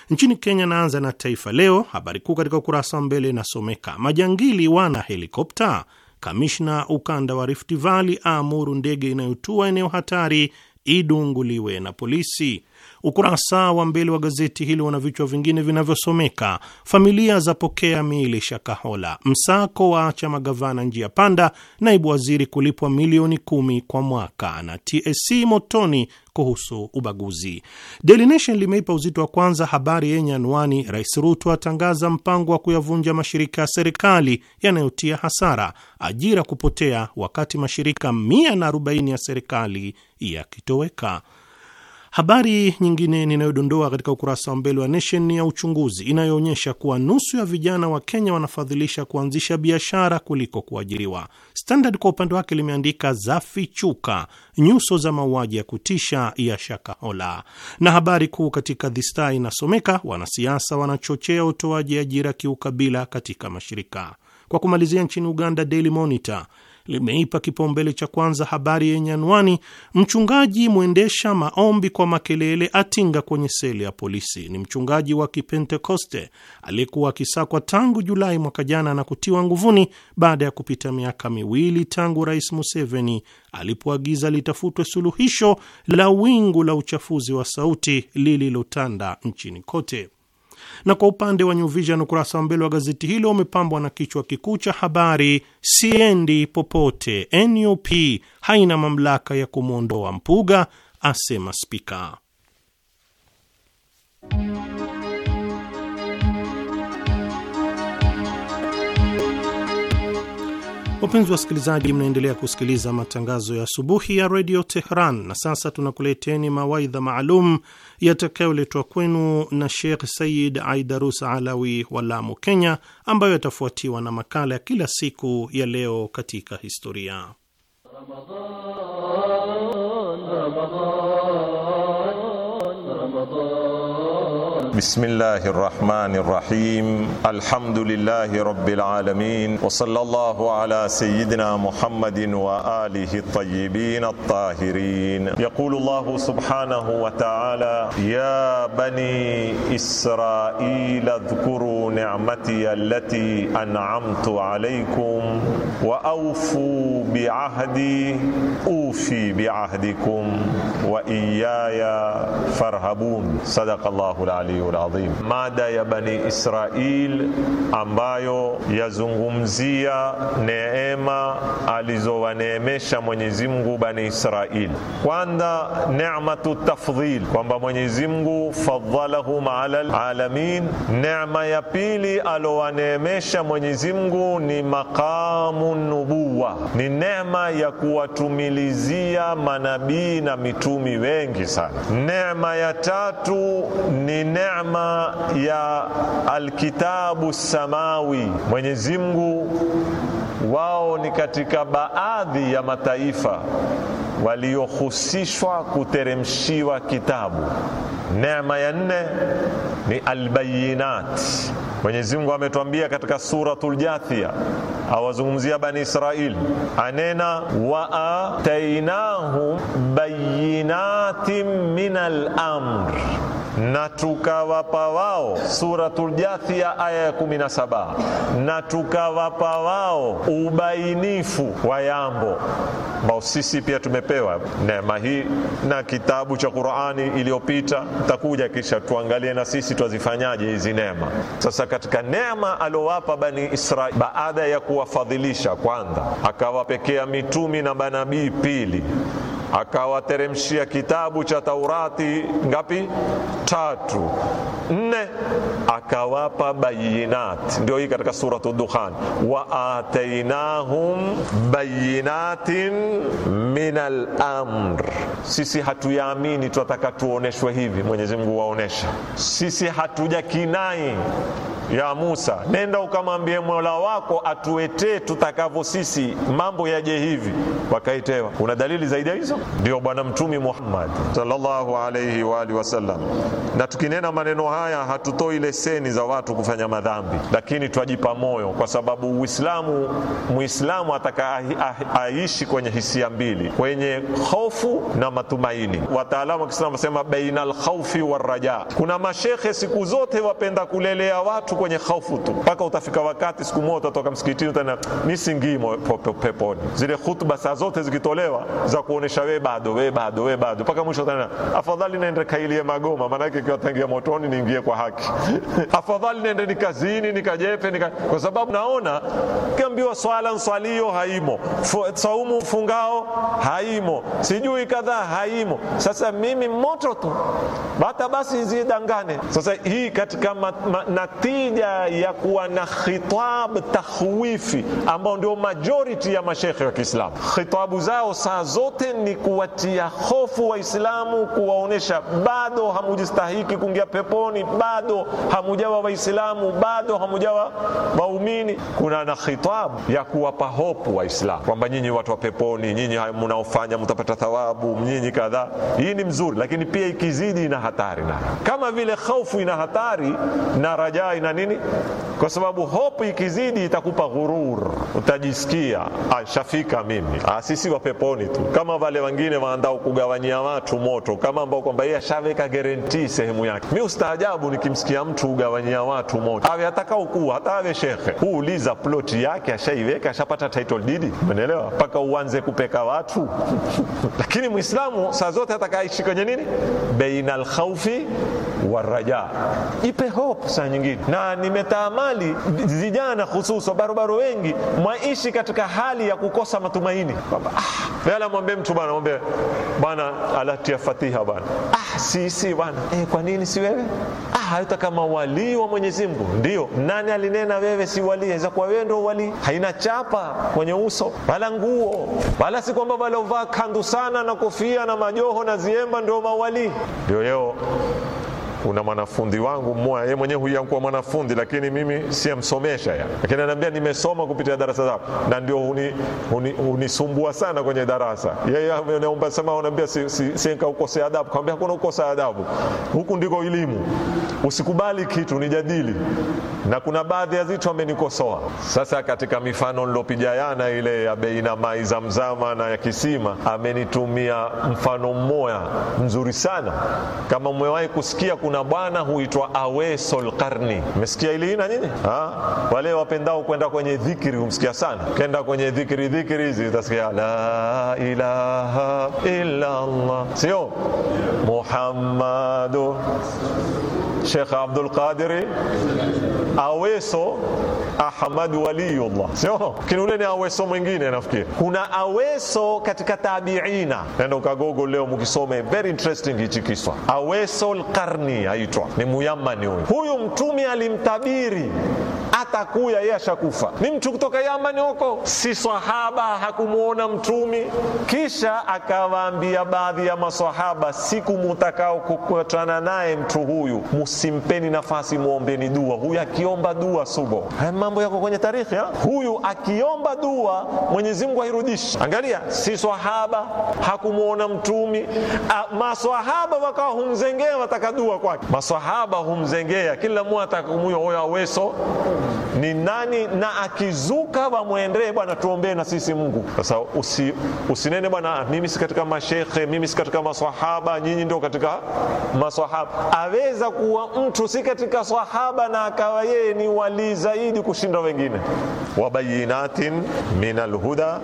Nchini Kenya, naanza na Taifa Leo. Habari kuu katika ukurasa wa mbele inasomeka majangili wana helikopta, kamishna ukanda wa Rift Valley aamuru ndege inayotua eneo hatari idunguliwe na polisi. Ukurasa wa mbele wa gazeti hilo una vichwa vingine vinavyosomeka: familia zapokea miili Shakahola, msako waacha magavana njia panda, naibu waziri kulipwa milioni kumi kwa mwaka, na TSC motoni kuhusu ubaguzi. Daily Nation limeipa uzito wa kwanza habari yenye anwani Rais Ruto atangaza mpango wa kuyavunja mashirika ya serikali yanayotia hasara, ajira kupotea wakati mashirika 140 ya serikali yakitoweka. Habari nyingine ninayodondoa katika ukurasa wa mbele wa Nation ni ya uchunguzi inayoonyesha kuwa nusu ya vijana wa Kenya wanafadhilisha kuanzisha biashara kuliko kuajiriwa. Standard kwa upande wake limeandika zafichuka nyuso za mauaji ya kutisha ya Shakahola, na habari kuu katika The Star inasomeka wanasiasa wanachochea utoaji ajira kiukabila katika mashirika. Kwa kumalizia, nchini Uganda, Daily Monitor limeipa kipaumbele cha kwanza habari yenye anwani mchungaji mwendesha maombi kwa makelele atinga kwenye seli ya polisi. Ni mchungaji wa Kipentekoste aliyekuwa akisakwa tangu Julai mwaka jana na kutiwa nguvuni baada ya kupita miaka miwili tangu Rais Museveni alipoagiza litafutwe suluhisho la wingu la uchafuzi wa sauti lililotanda nchini kote. Na kwa upande wa New Vision, ukurasa wa mbele wa gazeti hilo umepambwa na kichwa kikuu cha habari, siendi popote, NUP haina mamlaka ya kumwondoa Mpuga, asema spika. Wapenzi wasikilizaji, mnaendelea kusikiliza matangazo ya asubuhi ya redio Tehran, na sasa tunakuleteni mawaidha maalum yatakayoletwa kwenu na Sheikh Sayid Aidarus Alawi wa Lamu, Kenya, ambayo yatafuatiwa na makala ya kila siku ya leo katika historia Ramadan, Ramadan. بسم الله الرحمن الرحيم الحمد لله رب العالمين وصلى الله على سيدنا محمد واله الطيبين الطاهرين يقول الله سبحانه وتعالى يا بني اسرائيل اذكروا نعمتي التي انعمت عليكم واوفوا بعهدي اوفي بعهدكم واياي فارهبون صدق الله العلي Azim. Mada ya Bani Israil ambayo yazungumzia neema alizowaneemesha Mwenyezi Mungu Bani Israil. Kwanza, nematu tafdhil, kwamba Mwenyezi Mungu fadhalahum ala alamin. Neema ya pili alowaneemesha Mwenyezi Mungu ni maqamu nubuwa, ni neema ya kuwatumilizia manabii na mitumi wengi sana. Neema ya tatu ni neema neema ya alkitabu samawi. Mwenyezi Mungu wao ni katika baadhi ya mataifa waliohusishwa kuteremshiwa kitabu. Neema ya nne ni albayinat. Mwenyezi Mungu ametuambia katika Suratul Jathia, awazungumzia Bani Israil, anena wa atainahum bayinatin min al-amr na tukawapa wao, Suratul Jathia aya ya kumi na saba na tukawapa wao ubainifu wa yambo ambao sisi pia tumepewa neema hii na kitabu cha Qur'ani iliyopita. Takuja kisha tuangalie na sisi twazifanyaje hizi neema. Sasa katika neema aliowapa Bani Israel baada ya kuwafadhilisha kwanza, akawapekea mitumi na manabii pili akawateremshia kitabu cha Taurati ngapi? Tatu. Nne, akawapa bayinat, ndio hii katika suratu Dukhan, wa atainahum bayinatin min al-amr. Sisi hatuyaamini, tunataka tuoneshwe hivi. Mwenyezi Mungu waonesha, sisi hatujakinai ya Musa, nenda ukamwambie Mola wako atuetee tutakavyo sisi, mambo yaje hivi. Wakaitewa. Kuna dalili zaidi ya hizo? Ndio Bwana Mtumi Muhammad sallallahu alayhi wa alihi wasallam. Na tukinena maneno haya, hatutoi leseni za watu kufanya madhambi, lakini twajipa moyo, kwa sababu Uislamu, Muislamu ataka aishi kwenye hisia mbili, kwenye hofu na matumaini. Wataalamu wa Kiislamu wasema bainal khawfi warraja. Kuna mashekhe siku zote wapenda kulelea watu kwenye hofu tu, mpaka utafika wakati siku moja utatoka msikitini utana misingii peponi. Zile hutuba saa zote zikitolewa za kuonesha we bado we bado we bado, mpaka mwisho utana afadhali naende kailie magoma, maanake ikiwa tangia motoni niingie kwa haki afadhali naende nikazini nikajepe nika, kwa sababu naona kiambiwa swala nswalio haimo, saumu fungao haimo, sijui kadhaa haimo. Sasa mimi moto tu bata basi zidangane. Sasa hii katika natii kaida ya kuwa na khitab takhwifi ambao ndio majority ya mashekhe wa Kiislamu. Khitabu zao saa zote ni kuwatia hofu Waislamu, kuwaonesha bado hamujistahiki kuingia peponi, bado hamujawa Waislamu, bado hamujawa waumini. Kuna na khitabu ya kuwapa hopu Waislamu kwamba nyinyi watu wa peponi, nyinyi mnaofanya mtapata thawabu, nyinyi kadhaa. Hii ni mzuri, lakini pia ikizidi ina hatari, na kama vile hofu ina hatari na rajaa ina nini? Kwa sababu hope ikizidi itakupa ghurur, utajisikia ashafika mimi, ah, sisi wa peponi tu, kama wale wengine waandao kugawanyia watu moto, kama ambao kwamba yeye ashaweka guarantee sehemu yake. Mimi ustaajabu nikimsikia mtu ugawanyia watu moto, awe atakao kuwa hata awe shekhe, huuliza ploti yake ashaiweka, ashapata title deed, umeelewa? Mpaka uanze kupeka watu lakini Muislamu saa zote atakaishi kwenye nini, bainal khaufi waraja, ipe hope saa nyingine, na nimetaamali vijana hususa barobaro wengi mwaishi katika hali ya kukosa matumaini kwamba ah, yala mwambie mtu bwana, mwambie bwana, alatia fatiha bwana, ah, si si bwana eh, kwa nini si wewe ah, haita kama wali wa Mwenyezi Mungu. Ndio nani alinena wewe si walii? Aweza kuwa wewe ndio walii. Haina chapa kwenye uso wala nguo, wala si kwamba waliovaa kandu sana na kofia na majoho na ziemba ndio mawalii. Ndio leo una mwanafunzi wangu mmoja, yeye mwenyewe huyu huyakuwa mwanafunzi, lakini mimi msomesha ya, lakini ananiambia nimesoma kupitia darasa zako, na ndio unisumbua uni, uni sana kwenye darasa. Yeye anaomba sema, anambia si, si, si si ukosea adabu. Kaambia hakuna ukosa adabu, huku ndiko elimu. Usikubali kitu, nijadili na kuna baadhi ya zitu amenikosoa. Sasa katika mifano nilopiga yana ile ya beina mai za mzama na ya kisima, amenitumia mfano mmoja mzuri sana, kama mmewahi kusikia kuna bwana huitwa aweso karni Mmesikia ili na nyinyi? Wale wapendao kwenda kwenye dhikiri humsikia sana, kenda kwenye dhikiri dhikri hizi utasikia la ilaha illa Allah, sio Muhammadu shekh Abdul Qadiri Aweso Ahmad waliullah, sio kinule ule ni aweso mwingine. Nafikiri kuna aweso katika tabiina, nenda ukagogo leo mukisome, very interesting hichi kiswa. Aweso lqarni aitwa ni Muyamani huyu. Huyu mtume alimtabiri atakuya yeye ashakufa, ni mtu kutoka Yamani huko, si sahaba, hakumuona mtumi. Kisha akawaambia baadhi ya masahaba, siku mutakao kukutana naye mtu huyu, musimpeni nafasi, muombeni dua. Huyu akiomba dua subo Hema mambo yako kwenye tarikhi ya? Huyu akiomba dua Mwenyezi Mungu airudishi. Angalia, si swahaba hakumwona Mtumi. Ah, maswahaba wakawa humzengea, wataka dua kwake. Maswahaba humzengea, kila mmoja atakumyo oya aweso ni nani, na akizuka wamwendee, bwana tuombee na sisi Mungu. Sasa usi, usinene bwana, mimi si katika mashekhe, mimi si katika maswahaba, nyinyi ndio katika maswahaba. Aweza kuwa mtu si katika swahaba na akawa yeye ni wali zaidi kushinda wengine, wa bayinatin min alhuda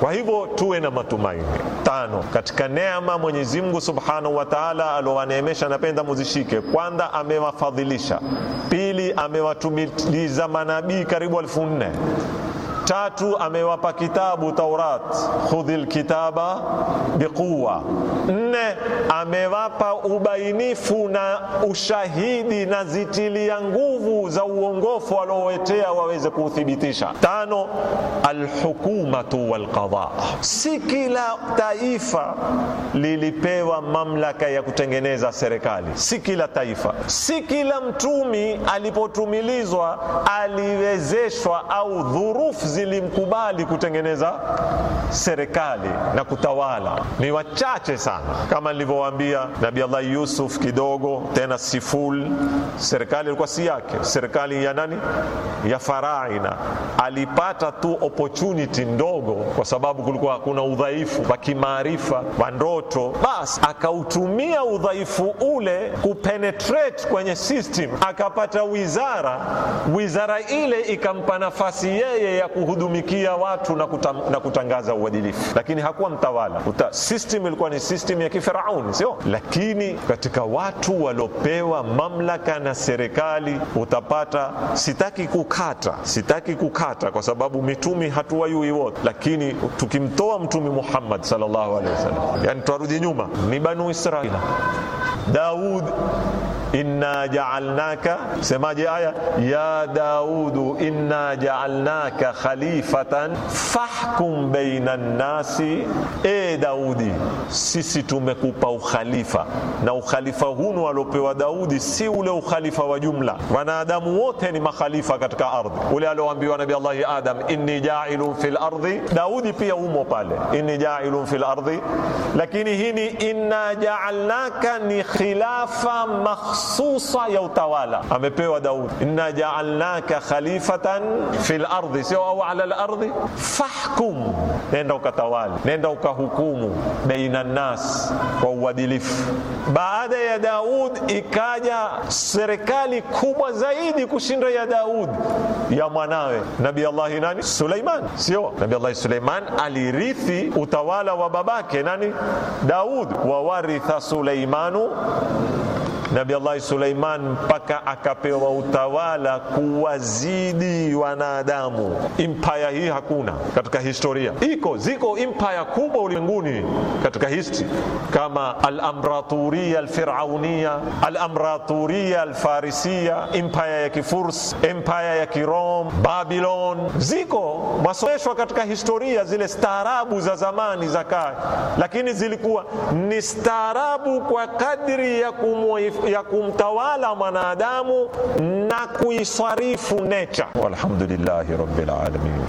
Kwa hivyo tuwe na matumaini. Tano, katika neema Mwenyezi Mungu subhanahu wa taala aliowaneemesha, napenda muzishike. Kwanza amewafadhilisha, pili amewatumiliza manabii karibu elfu nne Tatu, amewapa kitabu Taurat, khudhil kitaba biquwa. Nne, amewapa ubainifu na ushahidi na zitilia nguvu za uongofu walowetea waweze kuuthibitisha. Tano, alhukumatu walqadha. Si kila taifa lilipewa mamlaka ya kutengeneza serikali, si kila taifa, si kila mtumi alipotumilizwa aliwezeshwa au dhurufu zilimkubali kutengeneza serikali na kutawala. Ni wachache sana, kama nilivyowaambia Nabii Allah Yusuf kidogo tena siful. Serikali ilikuwa si yake, serikali ya nani? Ya faraina. Alipata tu opportunity ndogo, kwa sababu kulikuwa hakuna udhaifu wa kimaarifa wa ndoto, basi akautumia udhaifu ule kupenetrate kwenye system, akapata wizara. Wizara ile ikampa nafasi yeye ya ku kuhudumikia watu na, kutam, na kutangaza uadilifu, lakini hakuwa mtawala. Uta, system ilikuwa ni system ya kifirauni, sio? Lakini katika watu waliopewa mamlaka na serikali utapata, sitaki kukata, sitaki kukata kwa sababu mitumi hatuwayui wote, lakini tukimtoa Mtume Muhammad sallallahu alaihi wasallam, yani twarudi nyuma, ni Banu Israila Daud inna jaalnaka semaje aya ya Daudu inna jaalnaka khalifatan fahkum baina nnasi, e Daudi, sisi tumekupa ukhalifa. Na ukhalifa huno aliopewa Daudi si ule ukhalifa wa jumla, wanadamu wote ni makhalifa katika ardhi, ule alioambiwa Nabi Allahi Adam, inni jailun fil ardhi, Daudi pia umo pale, inni jailun fil ardhi. Lakini hii ni inna jaalnaka ni khilafa makhsusa mahsusa ya utawala amepewa Daudi, inna jaalnaka khalifatan fil ardhi, sio au ala lardhi, fahkum, nenda ukatawali, nenda ukahukumu baina nas kwa uadilifu. Baada ya Daud ikaja serikali kubwa zaidi kushinda ya Daud ya mwanawe Nabi Allahi nani Suleiman, sio Nabi Allahi Suleiman alirithi utawala wa babake nani Daud, wawaritha Suleimanu Nabi Allahi Suleiman mpaka akapewa utawala kuwazidi wanadamu. Empire hii hakuna katika historia, iko ziko empire kubwa ulimwenguni katika history kama al-Amraturia al-Firaunia, al-Amraturia al-Farisia, empire ya Kifurs, empire ya Kirom, Babylon, ziko masomeshwa katika historia zile staarabu za zamani za kale, lakini zilikuwa ni staarabu kwa kadri ya kumwa ya kumtawala mwanadamu na kuisarifu nature. Walhamdulillahi rabbil alamin.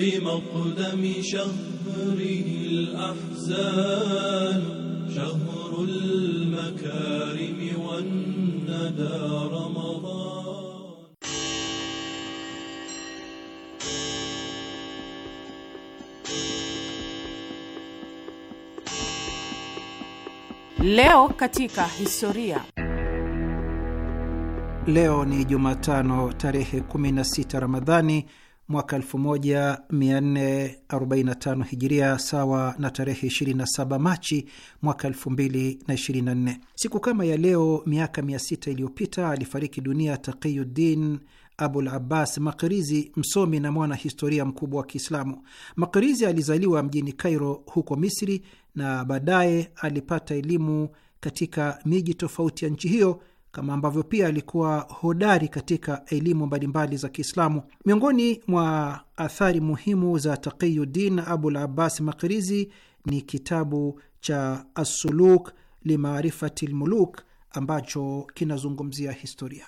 بمقدم شهره الأحزان شهر المكارم والندى رمضان Leo katika historia. Leo ni Jumatano tarehe 16 Ramadhani mwaka 1445 hijiria sawa na tarehe 27 Machi mwaka 2024. Siku kama ya leo miaka 600 iliyopita alifariki dunia Taqiyuddin Abul Abbas Makrizi, msomi na mwana historia mkubwa wa Kiislamu. Makrizi alizaliwa mjini Kairo huko Misri na baadaye alipata elimu katika miji tofauti ya nchi hiyo kama ambavyo pia alikuwa hodari katika elimu mbalimbali za Kiislamu. Miongoni mwa athari muhimu za Taqiyuddin Abul Abbas Makrizi ni kitabu cha Assuluk limaarifati lmuluk ambacho kinazungumzia historia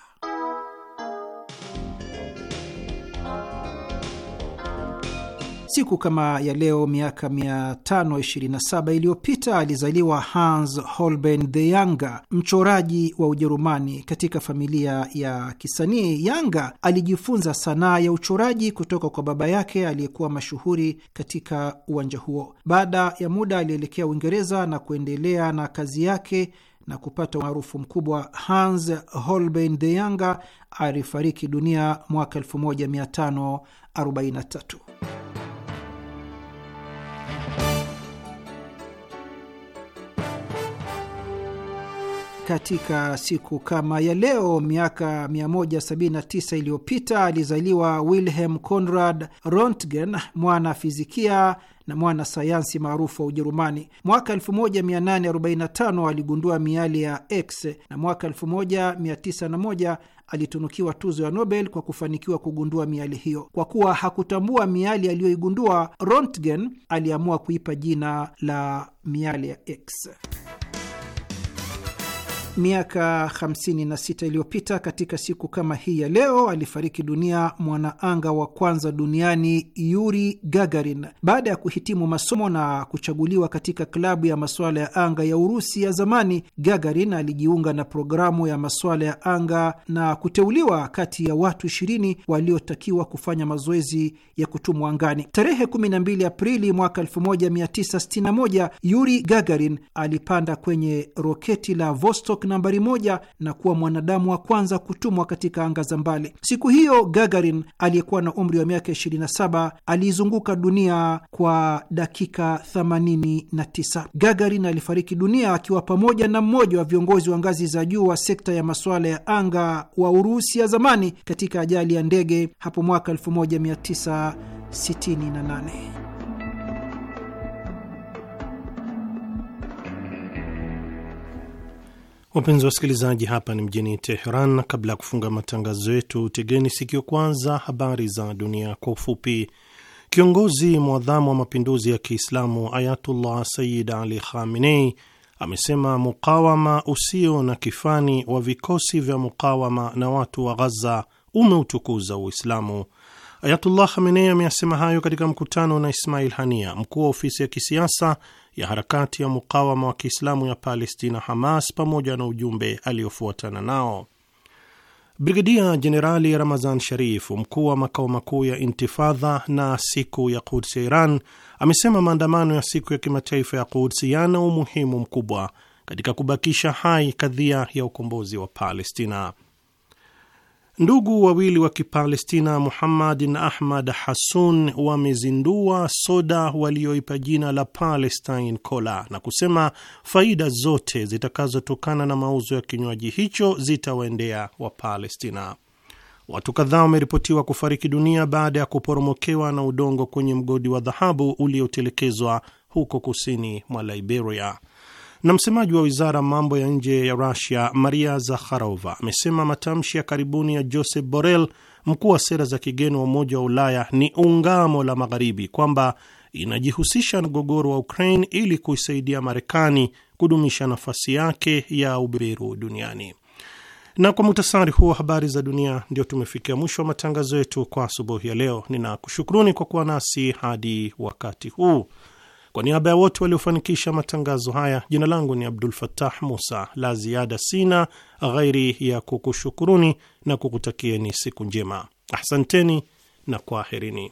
Siku kama ya leo miaka 527 iliyopita alizaliwa Hans Holbein the Younger, mchoraji wa Ujerumani. Katika familia ya kisanii, Yanga alijifunza sanaa ya uchoraji kutoka kwa baba yake aliyekuwa mashuhuri katika uwanja huo. Baada ya muda, alielekea Uingereza na kuendelea na kazi yake na kupata umaarufu mkubwa. Hans Holbein the Younger alifariki dunia mwaka 1543. Katika siku kama ya leo miaka 179 iliyopita alizaliwa Wilhelm Conrad Rontgen, mwana fizikia na mwana sayansi maarufu wa Ujerumani. Mwaka 1845 aligundua miali ya X na mwaka 1901 alitunukiwa tuzo ya Nobel kwa kufanikiwa kugundua miali hiyo. Kwa kuwa hakutambua miali aliyoigundua, Rontgen aliamua kuipa jina la miali ya X. Miaka 56 iliyopita katika siku kama hii ya leo alifariki dunia mwanaanga wa kwanza duniani Yuri Gagarin baada ya kuhitimu masomo na kuchaguliwa katika klabu ya masuala ya anga ya Urusi ya zamani. Gagarin alijiunga na programu ya masuala ya anga na kuteuliwa kati ya watu 20 waliotakiwa kufanya mazoezi ya kutumwa angani. Tarehe 12 Aprili mwaka 1961 Yuri Gagarin alipanda kwenye roketi la Vostok nambari moja na kuwa mwanadamu wa kwanza kutumwa katika anga za mbali. Siku hiyo Gagarin aliyekuwa na umri wa miaka 27 aliizunguka dunia kwa dakika 89. Gagarin alifariki dunia akiwa pamoja na mmoja wa viongozi wa ngazi za juu wa sekta ya masuala ya anga wa Urusi ya zamani katika ajali ya ndege hapo mwaka 1968. Wapenzi wasikilizaji, hapa ni mjini Teheran. Kabla ya kufunga matangazo yetu, tegeni sikio kwanza habari za dunia kwa ufupi. Kiongozi mwadhamu wa mapinduzi ya Kiislamu Ayatullah Sayyid Ali Khamenei amesema mukawama usio na kifani wa vikosi vya mukawama na watu wa Ghaza umeutukuza Uislamu. Ayatullah Khamenei ameyasema hayo katika mkutano na Ismail Hania, mkuu wa ofisi ya kisiasa ya harakati ya mukawama wa Kiislamu ya Palestina, Hamas, pamoja na ujumbe aliyofuatana nao. Brigadia Jenerali Ramazan Sharif, mkuu wa makao makuu ya Intifadha na siku ya Quds ya Iran, amesema maandamano ya siku ya kimataifa ya Quds yana umuhimu mkubwa katika kubakisha hai kadhia ya ukombozi wa Palestina. Ndugu wawili wa Kipalestina Muhammad na Ahmad Hassun wamezindua soda walioipa jina la Palestine Cola na kusema faida zote zitakazotokana na mauzo ya kinywaji hicho zitawaendea Wapalestina. Watu kadhaa wameripotiwa kufariki dunia baada ya kuporomokewa na udongo kwenye mgodi wa dhahabu uliotelekezwa huko kusini mwa Liberia. Na msemaji wa wizara mambo ya nje ya Rusia Maria Zakharova amesema matamshi ya karibuni ya Joseph Borrell, mkuu wa sera za kigeni wa Umoja wa Ulaya, ni ungamo la Magharibi kwamba inajihusisha na mgogoro wa Ukraine ili kuisaidia Marekani kudumisha nafasi yake ya ubeberu duniani. Na kwa muhtasari huu wa habari za dunia, ndio tumefikia mwisho wa matangazo yetu kwa asubuhi ya leo. Ninakushukuruni kwa kuwa nasi hadi wakati huu. Kwa niaba ya wote waliofanikisha matangazo haya, jina langu ni Abdul fatah Musa. La ziada sina ghairi ya kukushukuruni na kukutakieni siku njema. Ahsanteni na kwaherini.